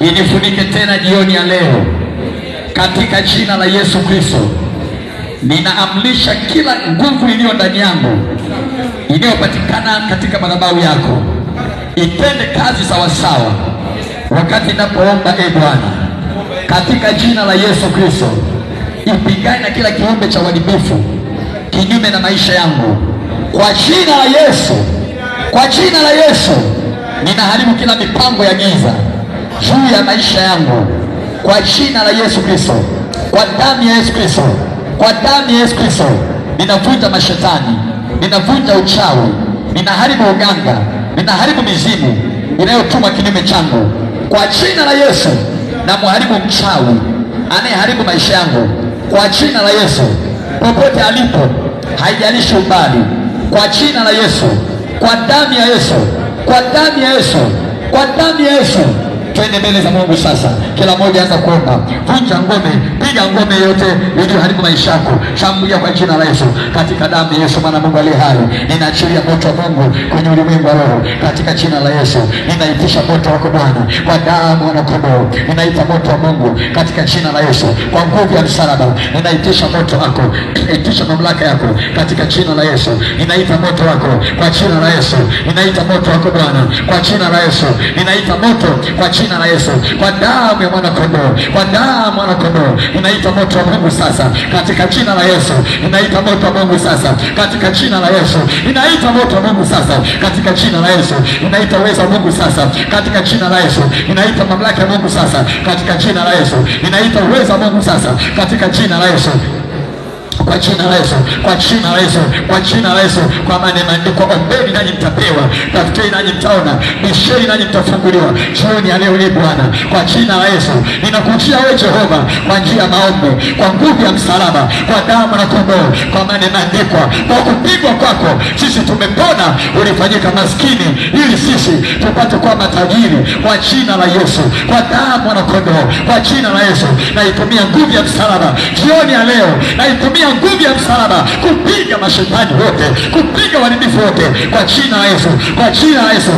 inifunike tena jioni ya leo katika jina la Yesu Kristo. ninaamlisha kila nguvu iliyo ndani yangu inayopatikana katika madhabahu yako itende kazi sawasawa wakati ninapoomba. E Bwana, katika jina la Yesu Kristo, ipigane na kila kiumbe cha uharibifu kinyume na maisha yangu kwa jina la Yesu, kwa jina la Yesu ninaharibu kila mipango ya giza juu ya maisha yangu kwa jina la Yesu Kristo, kwa damu ya Yesu Kristo, kwa damu ya Yesu Kristo, ninavuta mashetani, ninavuta uchawi, ninaharibu uganga, ninaharibu mizimu inayotuma kinyume changu kwa jina la Yesu. Namharibu mchawi anayeharibu maisha yangu kwa jina la Yesu, popote alipo, haijalishi umbali, kwa jina la Yesu, kwa damu ya Yesu, kwa damu ya Yesu, kwa damu ya Yesu twende mbele za Mungu sasa. Kila mmoja anza kuomba, vunja ngome, piga ngome yote iliyo haribu maisha yako, shambulia kwa jina la Yesu, katika damu ya Yesu, maana Mungu aliye hai. Ninaachilia moto wa Mungu kwenye ulimwengu wa roho, katika jina la Yesu. Ninaitisha moto wako Bwana, kwa damu na Mwanakondoo. Ninaita moto wa Mungu katika jina la Yesu, kwa nguvu ya msalaba, ninaitisha moto wako, itisha mamlaka yako katika jina la Yesu. Ninaita moto wako kwa jina la Yesu, ninaita moto wako Bwana kwa jina la Yesu, ninaita moto kwa jina jina la Yesu, kwa damu ya mwana kondoo, kwa damu mwana kondoo. Ninaita moto wa Mungu sasa katika jina la Yesu, ninaita moto wa Mungu sasa katika jina la Yesu, ninaita moto wa Mungu sasa katika jina la Yesu, ninaita uwezo wa Mungu sasa katika jina la Yesu, ninaita mamlaka ya Mungu sasa katika jina la Yesu, ninaita uwezo wa Mungu sasa katika jina la Yesu kwa jina la Yesu, kwa jina la Yesu, kwa jina la Yesu, kwa maana imeandikwa, ombeni nanyi mtapewa, tafuteni nanyi mtaona, bisheni nanyi mtafunguliwa. Jioni ya leo hii Bwana, kwa jina la Yesu ninakujia wewe Jehova, kwa njia ya maombi, kwa nguvu ya msalaba, kwa damu na kondoo, kwa maana imeandikwa, kwa kupigwa kwako sisi tumepona, ulifanyika maskini ili sisi tupate kuwa matajiri, kwa jina la Yesu, kwa damu na kondoo, kwa jina la Yesu. Naitumia nguvu ya msalaba jioni ya leo, naitumia na nguvu ya msalaba kupiga mashetani wote, kupiga waribifu wote kwa jina la Yesu, kwa jina la Yesu.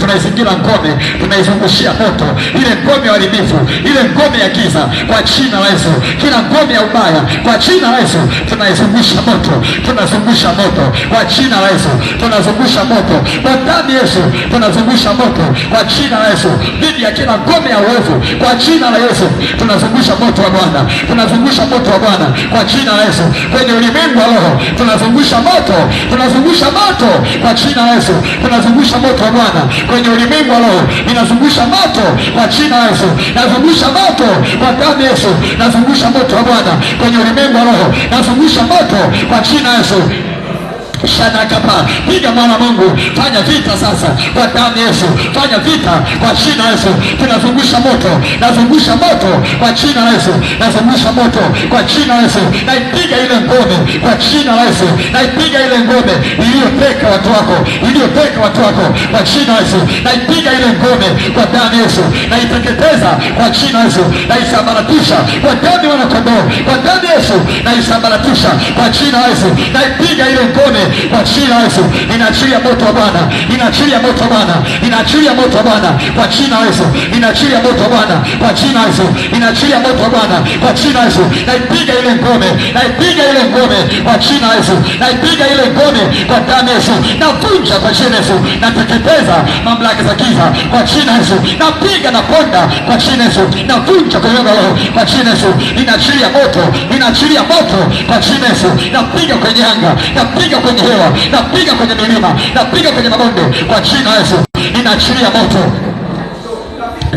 Tunaizingira ngome, tunaizungushia moto ile ngome ya waribifu, ile ngome ya giza kwa jina la Yesu, kila ngome ya ubaya kwa jina la Yesu, tunaizungusha moto, tunazungusha moto kwa jina la Yesu, tunazungusha moto kwa damu Yesu, tunazungusha moto kwa jina la Yesu, dhidi ya kila ngome ya uovu kwa jina la Yesu, tunazungusha moto wa Bwana, tunazungusha moto wa Bwana kwa jina la Yesu. Kwenye ulimwengu wa roho tunazungusha moto, tunazungusha moto kwa jina la Yesu, tunazungusha moto wa Bwana kwenye ulimwengu wa roho, ninazungusha moto kwa jina la Yesu, nazungusha moto kwa damu ya Yesu, nazungusha moto wa Bwana kwenye ulimwengu wa roho, nazungusha moto kwa jina la Yesu shanakapa piga mwana Mungu, fanya vita sasa kwa damu Yesu, fanya vita kwa jina Yesu. Tunazungusha moto, nazungusha moto kwa jina Yesu, nazungusha moto kwa jina Yesu, naipiga ile ngome kwa jina Yesu, naipiga ile ngome iliyoteka watu wako, iliyoteka watu wako kwa jina Yesu, naipiga ile ngome kwa damu Yesu, naiteketeza kwa jina Yesu, naisambaratisha kwa damu ya kwa damu Yesu, naisambaratisha kwa jina Yesu, naipiga ile ngome kwa Yesu, inaachilia moto wa Bwana, inaachilia moto wa Bwana, inaachilia moto wa Bwana kwa jina Yesu, inaachilia moto wa Bwana kwa jina Yesu, inaachilia moto wa Bwana kwa jina Yesu. Naipiga ile ngome, naipiga ile ngome kwa jina Yesu, naipiga ile ngome kwa damu ya Yesu, navunja kwa jina la Yesu, nateketeza mamlaka za giza kwa jina la Yesu, napiga na ponda kwa jina la Yesu, navunja kwa roho kwa jina Yesu, ninaachilia moto, ninaachilia moto kwa jina la Yesu, napiga kwenye anga, napiga kwenye kuchelewa, napiga kwenye milima, napiga kwenye mabonde kwa jina Yesu, ninaachilia moto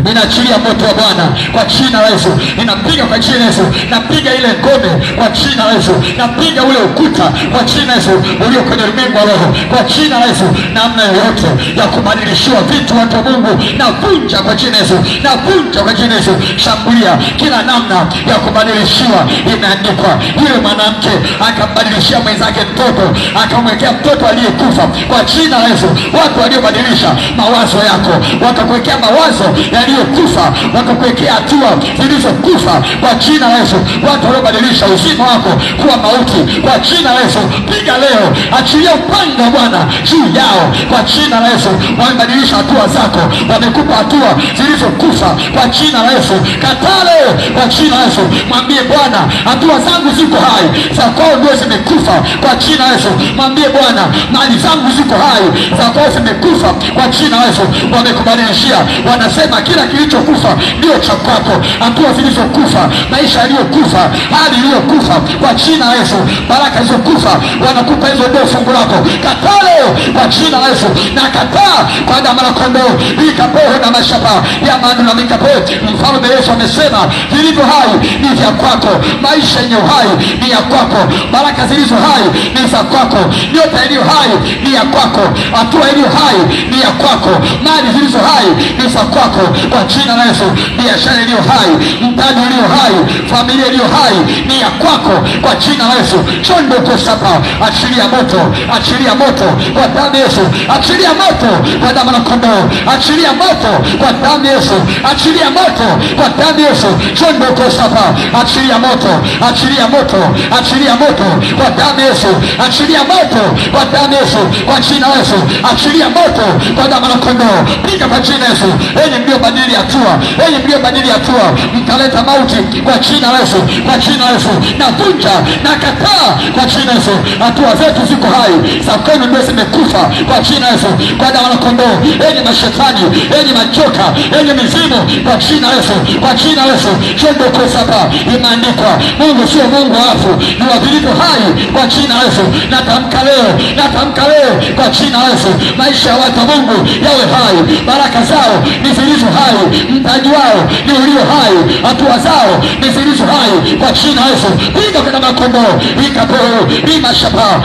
ninaachilia moto wa Bwana kwa jina la Yesu, ninapiga kwa jina la Yesu, napiga ile ngome kwa jina la Yesu, napiga ule ukuta kwa jina la Yesu ulio kwenye ulimwengu wa roho kwa jina la Yesu. Namna yoyote ya kubadilishiwa vitu, watu wa Mungu, navunja kwa jina la Yesu, navunja kwa jina la Yesu. Shambulia kila namna ya kubadilishiwa. Imeandikwa yule mwanamke akambadilishia mwenzake mtoto, akamwekea mtoto aliyekufa. Kwa jina la Yesu, watu waliobadilisha mawazo yako wakakuwekea mawazo yani waliokufa wakakuwekea hatua zilizokufa kwa jina Yesu. Watu waliobadilisha uzima wako kuwa mauti kwa jina Yesu, piga leo, achilia upanga Bwana juu yao kwa jina la Yesu. Wamebadilisha hatua zako, wamekupa hatua zilizokufa kwa jina la Yesu. Kataa leo kwa jina la Yesu, mwambie Bwana, hatua zangu ziko hai, za kwao ndio zimekufa kwa jina la Yesu. Mwambie Bwana, mali zangu ziko hai, za kwao zimekufa kwa jina la Yesu. Wamekubadilishia, wanasema kila kilichokufa ndio cha kwako, hatua zilizokufa, maisha yaliyokufa, hali iliyokufa, kwa jina la Yesu. Baraka zilizokufa wanakupa hizo, ndio fungu lako. Kataa leo kwa jina la Yesu, na kataa kwa damu la kondoo likapoho na mashapa ya manu na mikapo. Mfalme Yesu amesema vilivyo hai ni vya kwako, maisha yenye uhai ni ya kwako, baraka zilizo hai ni za kwako, nyota iliyo hai ni ya kwako, hatua iliyo hai ni ya kwako, mali zilizo hai ni za kwako kwa jina la Yesu. Biashara iliyo hai, mtaji ulio hai, familia iliyo hai ni ya kwako kwa jina la Yesu. Chondokosapa, achilia moto, achilia moto kwa damu Yesu, achilia moto kwa damu la kondoo, achilia moto kwa damu Yesu, achilia moto kwa damu Yesu. Chondokosapa, achilia moto, achilia moto, achilia moto kwa damu Yesu, achilia moto kwa damu Yesu, kwa jina la Yesu, achilia moto kwa damu la kondoo, piga kwa jina la Yesu. Enyi mlio mliobadili hatua, enyi mliobadili hatua, mtaleta mauti kwa jina Yesu, kwa jina la Yesu navunja na kataa kwa jina Yesu. Hatua zetu ziko hai, za kwenu ndio zimekufa kwa jina Yesu, kwa damu la kondoo. Enyi mashetani, enyi majoka, enyi mizimu, kwa jina Yesu, kwa jina la Yesu cendokosapa. Imeandikwa, Mungu sio Mungu alafu ni wa hai, kwa jina la Yesu. Natamka leo, natamka leo kwa jina Yesu, maisha ya watu wa Mungu yawe hai, baraka zao ni zilizo hai, mtaji wao ni ulio hai, hatua zao ni zilizo hai, kwa jina Yesu, piga kuna kondoo ikapoo imashapao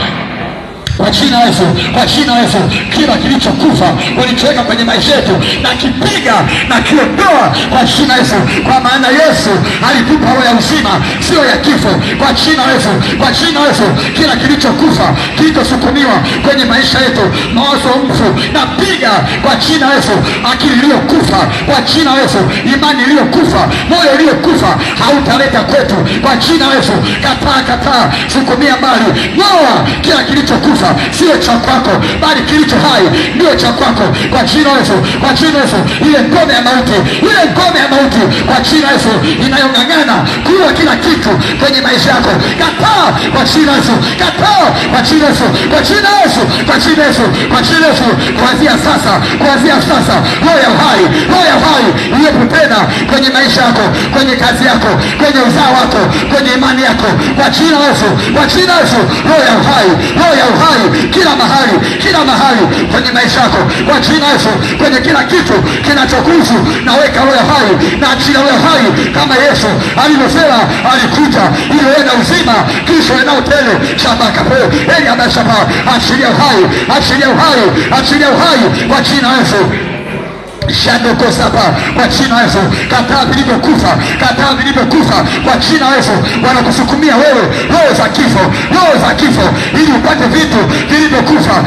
kwa jina Yesu, kwa jina Yesu, kila kilichokufa ulichoweka kwenye maisha yetu na kipiga na kiondoa kwa jina Yesu, kwa maana Yesu alitupa roho ya uzima, sio ya kifo. Kwa jina Yesu, kwa jina Yesu, kila kilichokufa kilichosukumiwa kwenye maisha yetu, mawazo mfu na piga kwa jina Yesu, akili iliyokufa kwa jina Yesu, imani iliyokufa, moyo uliokufa hautaleta kwetu kwa jina Yesu. Kataa, kataa, sukumia mbali, noa kila kilichokufa sio cha kwako, bali kilicho hai ndio cha kwako, kwa jina Yesu, kwa jina Yesu. Ile ngome ya mauti, ile ngome ya mauti, kwa jina Yesu, inayong'ang'ana kuwa kila kitu kwenye maisha yako, kataa kwa jina Yesu, kataa kwa jina Yesu, kwa jina Yesu, kwa jina Yesu, kwa jina Yesu. Kuanzia sasa, kuanzia sasa, roho ya uhai, roho ya uhai iliyopo tena kwenye maisha yako, kwenye kazi yako, kwenye uzao wako, kwenye imani yako, kwa jina Yesu, kwa jina Yesu, roho ya uhai, roho ya uhai mahali, kila mahali, kila mahali kwenye maisha yako, kwa jina Yesu, kwenye kila kitu kinachokuhusu, naweka roho ya hai na achilia roho ya hai, kama Yesu alivyosema alikuja ili uwe na uzima, kisha uwe nao tele shabakapo eli abashaba. Achilia uhai, achilia uhai, achilia uhai kwa jina Yesu. Shandoko kwa jina Yesu, kataa vilivyokufa, kataa vilivyokufa kwa jina Yesu. Wanakusukumia wewe roho za kifo, roho za kifo, ili upate vitu vilivyokufa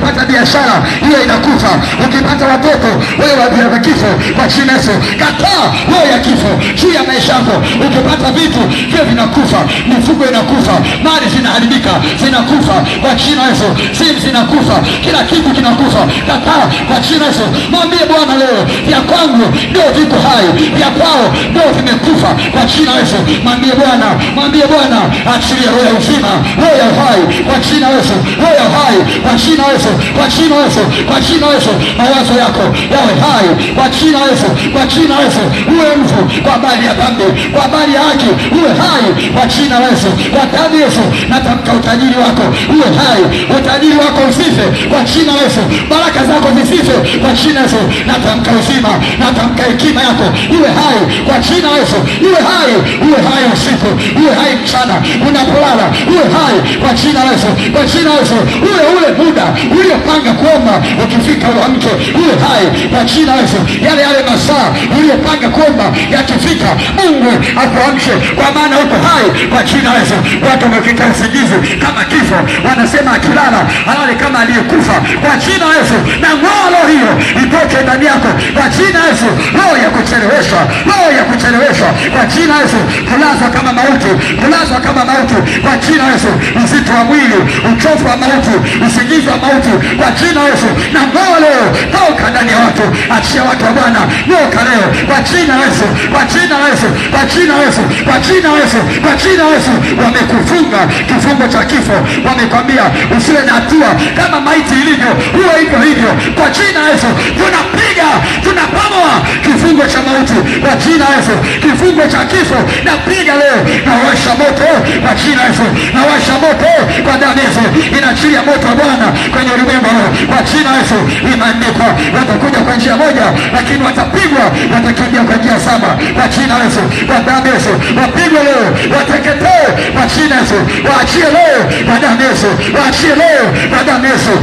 ukipata biashara hiyo inakufa, ukipata watoto wewe wavia kifo kwa jina Yesu. Kataa wewe ya kifo juu ya maisha yako. Ukipata vitu vyo vinakufa, mifugo inakufa, mali zinaharibika zinakufa kwa jina Yesu, simu zinakufa, kila kitu kinakufa. Kataa kwa jina Yesu. Mwambie Bwana leo, vya kwangu ndio viko hai, vya kwao ndio vimekufa kwa jina Yesu. Mwambie Bwana, mwambie Bwana, achilia roho ya uzima, roho ya uhai kwa jina Yesu, roho ya uhai kwa jina Yesu. Yesu, kwa jina Yesu, kwa jina Yesu, mawazo yako yawe hai kwa jina Yesu, kwa jina Yesu, uwe mfu kwa habari ya dhambi, kwa habari ya haki, uwe hai kwa jina Yesu, kwa damu Yesu, natamka utajiri wako uwe hai, utajiri wako usife kwa jina Yesu, baraka zako zisife kwa jina Yesu, natamka uzima, natamka hekima yako iwe hai kwa jina Yesu, iwe hai, uwe hai usiku, uwe hai mchana unapolala, uwe hai kwa jina Yesu, kwa jina Yesu, ule ule muda uliyopanga kuomba ukifika wa mke huyo hai kwa jina Yesu, yale yale masaa uliyopanga kuomba yakifika, Mungu akuamshe kwa maana uko hai kwa jina Yesu. Watu wamefika usingizi kama kifo, wanasema akilala halali kama aliyekufa kwa jina Yesu, na ng'olo hiyo itoke ndani yako kwa jina Yesu. Roho ya kucheleweshwa, roho ya kucheleweshwa kwa jina Yesu, kulazwa kama mauti, kulazwa kama mauti kwa jina Yesu, uzito wa mwili, uchofu wa mauti, usingizi wa mauti Yesu, kwa jina Yesu, na ngoa leo toka ndani ya watu, achia watu wa Bwana nyoka leo, kwa jina Yesu, kwa jina Yesu, kwa jina Yesu, kwa jina Yesu, kwa jina Yesu. Wamekufunga kifungo cha kifo, wamekwambia usiwe na hatua kama maiti ilivyo, huwa hivyo hivyo. Kwa jina Yesu tunapiga tunapamoa kifungo cha mauti, kwa jina Yesu, kifungo cha kifo napiga leo, nawasha moto kwa jina Yesu, nawasha moto kwa damu ya Yesu, inaachilia moto wa Bwana kwenye ulimwengu kwa jina Yesu. Imeandikwa watakuja kwa njia moja, lakini watapigwa, watakimbia kwa njia saba kwa jina Yesu, kwa damu ya Yesu. Wapigwe leo, wateketee kwa jina Yesu, waachie leo kwa damu Yesu, waachie leo kwa damu ya Yesu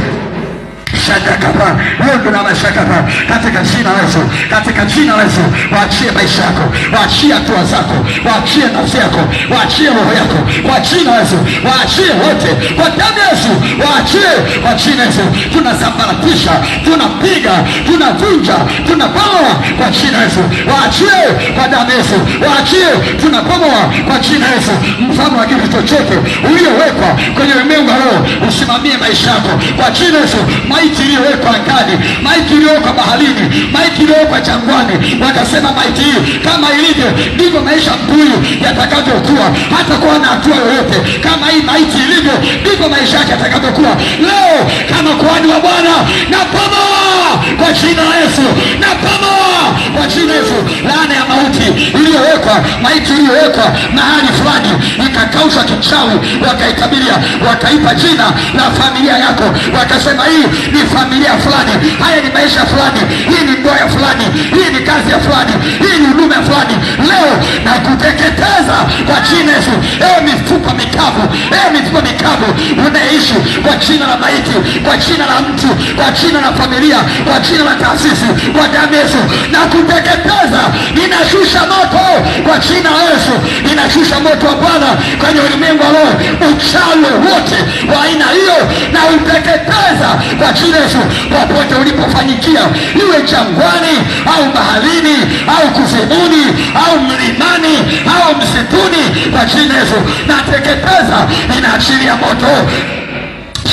shajakapa wengu na mashakapa katika jina la Yesu, katika jina la Yesu, waachie maisha yako, waachie hatua zako, waachie nafsi yako, waachie roho yako kwa jina la Yesu, waachie wote kwa damu ya Yesu, waachie kwa jina la Yesu. Tunasambaratisha, tunapiga, tunavunja, tunapoa kwa jina la Yesu, waachie kwa damu ya Yesu, waachie, tunapoa kwa jina la Yesu. Mfano wa kitu chochote uliowekwa kwenye ulimwengu wa usimamie maisha yako kwa jina la Yesu maiti iliyowekwa angani, maiti iliyowekwa baharini, maiti iliyowekwa jangwani, wakasema maiti hii kama ili vile ndivyo maisha mbuyu yatakavyokuwa. Hata kuwa na hatua yoyote kama hii maiti ilivyo, ndivyo maisha yake yatakavyokuwa. Leo kama kuhani wa Bwana napomoa kwa jina la Yesu, napomoa kwa jina la Yesu laana ya mauti iliyowekwa, maiti iliyowekwa mahali fulani ikakaushwa kichawi, wakaikabilia wakaipa jina la familia yako, wakasema hii ni familia fulani, haya ni maisha fulani, hii ni ndoa ya fulani, hii ni kazi ya fulani, hii ni huduma ya fulani leo na kuteketeza kwa jina Yesu. Ewe mifupa mikavu, ewe mifupa mikavu unaishi kwa jina la maiti, kwa jina la mtu, kwa jina la familia, kwa jina la taasisi, kwa damu Yesu na kuteketeza. Ninashusha moto kwa jina la Yesu, ninashusha moto wa Bwana kwenye ulimwengu wa roho, uchawi wote wa aina hiyo na uteketeza kwa jina Yesu, popote ulipofanyikia, iwe jangwani au baharini au kuzimuni au mlimani au msituni kwa jina Yesu. Na teketeza, ninaachilia moto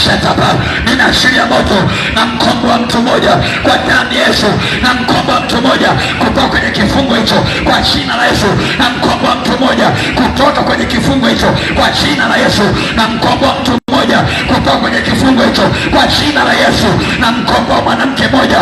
shetaba, ah. ninaachilia moto na mkombo wa mtu mmoja kwa damu ya Yesu, na mkombo wa mtu mmoja kutoka kwenye kifungo hicho kwa jina la Yesu, na mkombo wa mtu mmoja kutoka kwenye kifungo hicho kwa jina la Yesu, na mkombo wa mtu mmoja kutoka kwenye kifungo hicho kwa jina la Yesu, na mkombo wa mwanamke mmoja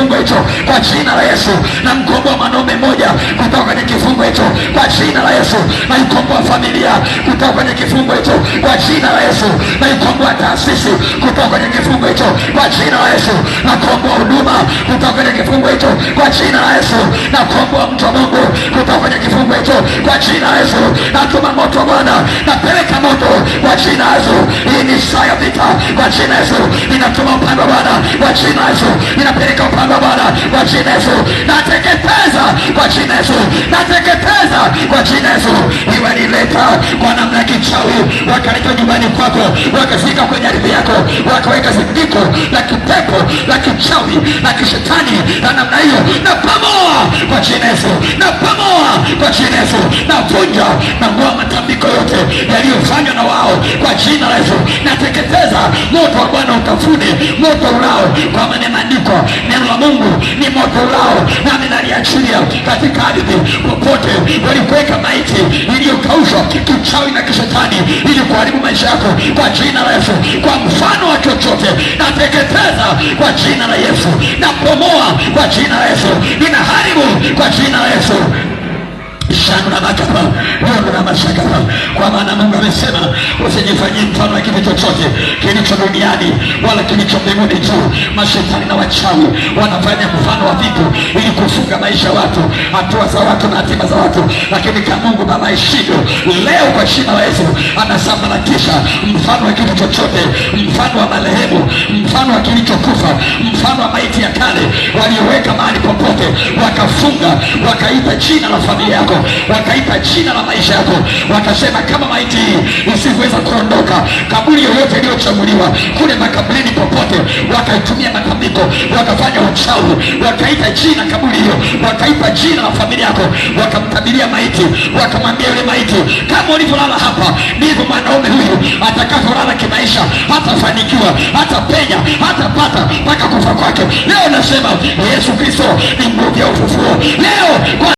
kifungo hicho kwa jina la Yesu. Namkomboa mwanaume mmoja kutoka kwenye kifungo hicho kwa jina la Yesu. Naikomboa familia kutoka kwenye kifungo hicho kwa jina la Yesu. Naikomboa taasisi kutoka kwenye kifungo hicho kwa jina la Yesu. Nakomboa huduma kutoka kwenye kifungo hicho kwa jina la Yesu. Nakomboa mtu wa Mungu kutoka kwenye kifungo hicho kwa jina la Yesu. Natuma moto Bwana, napeleka moto kwa jina la Yesu. Hii ni saa ya vita kwa jina la Yesu. Ninatuma upande wa Bwana kwa jina la Yesu. Ninapeleka upande Baba, Bwana, kwa jina Yesu nateketeza, kwa jina Yesu nateketeza, kwa jina Yesu Iwe iwanileta kwa namna ya kichawi, wakaleta nyumbani kwako, wakafika kwenye ardhi yako, wakaweka zindiko la kipepo la kichawi la kishetani na namna hiyo, na pamoa kwa jina Yesu, na pamoa kwa jina Yesu, na vunja na ngua matambiko yote yaliyofanywa na wao kwa jina la Yesu nateketeza. Moto wa Bwana utafune moto ulao, kwa maana maandiko neno Mungu ni moto lao, nami naliachilia katika ardhi popote walipoweka maiti iliyokaushwa, kichawi na kishetani, ili kuharibu maisha yako, kwa jina la Yesu, kwa mfano wa chochote nateketeza kwa jina la Yesu, napomoa kwa jina la Yesu, ninaharibu kwa jina la Yesu. shanu na makapa yondo na mashakapa kwa maana Mungu anasema usijifanyie mfano wa kitu chochote kilicho duniani wala kilicho mbinguni juu. Mashetani na wachawi wanafanya mfano wa vitu ili kufunga maisha ya watu, hatua za watu na hatima za watu, lakini kama Mungu Baba aishivyo leo, kwa jina la Yesu anasambaratisha mfano wa kitu chochote, mfano wa marehemu, mfano wa kilichokufa, mfano wa maiti ya kale walioweka mahali popote, wakafunga, wakaita jina la familia yako, wakaita jina la maisha yako, wakasema kama maiti hii isiweza kuondoka. Kaburi yoyote iliyochaguliwa kule makaburini popote, wakaitumia matambiko, wakafanya uchawi, wakaita jina kaburi hiyo, wakaipa jina la familia yako, wakamtabiria maiti, wakamwambia yule maiti, kama ulivyolala hapa ndivyo mwanaume huyu atakavyolala kimaisha, hatafanikiwa, hatapenya, hatapata mpaka kufa kwake. Leo nasema Yesu Kristo ni nguvu ya ufufuo leo kwa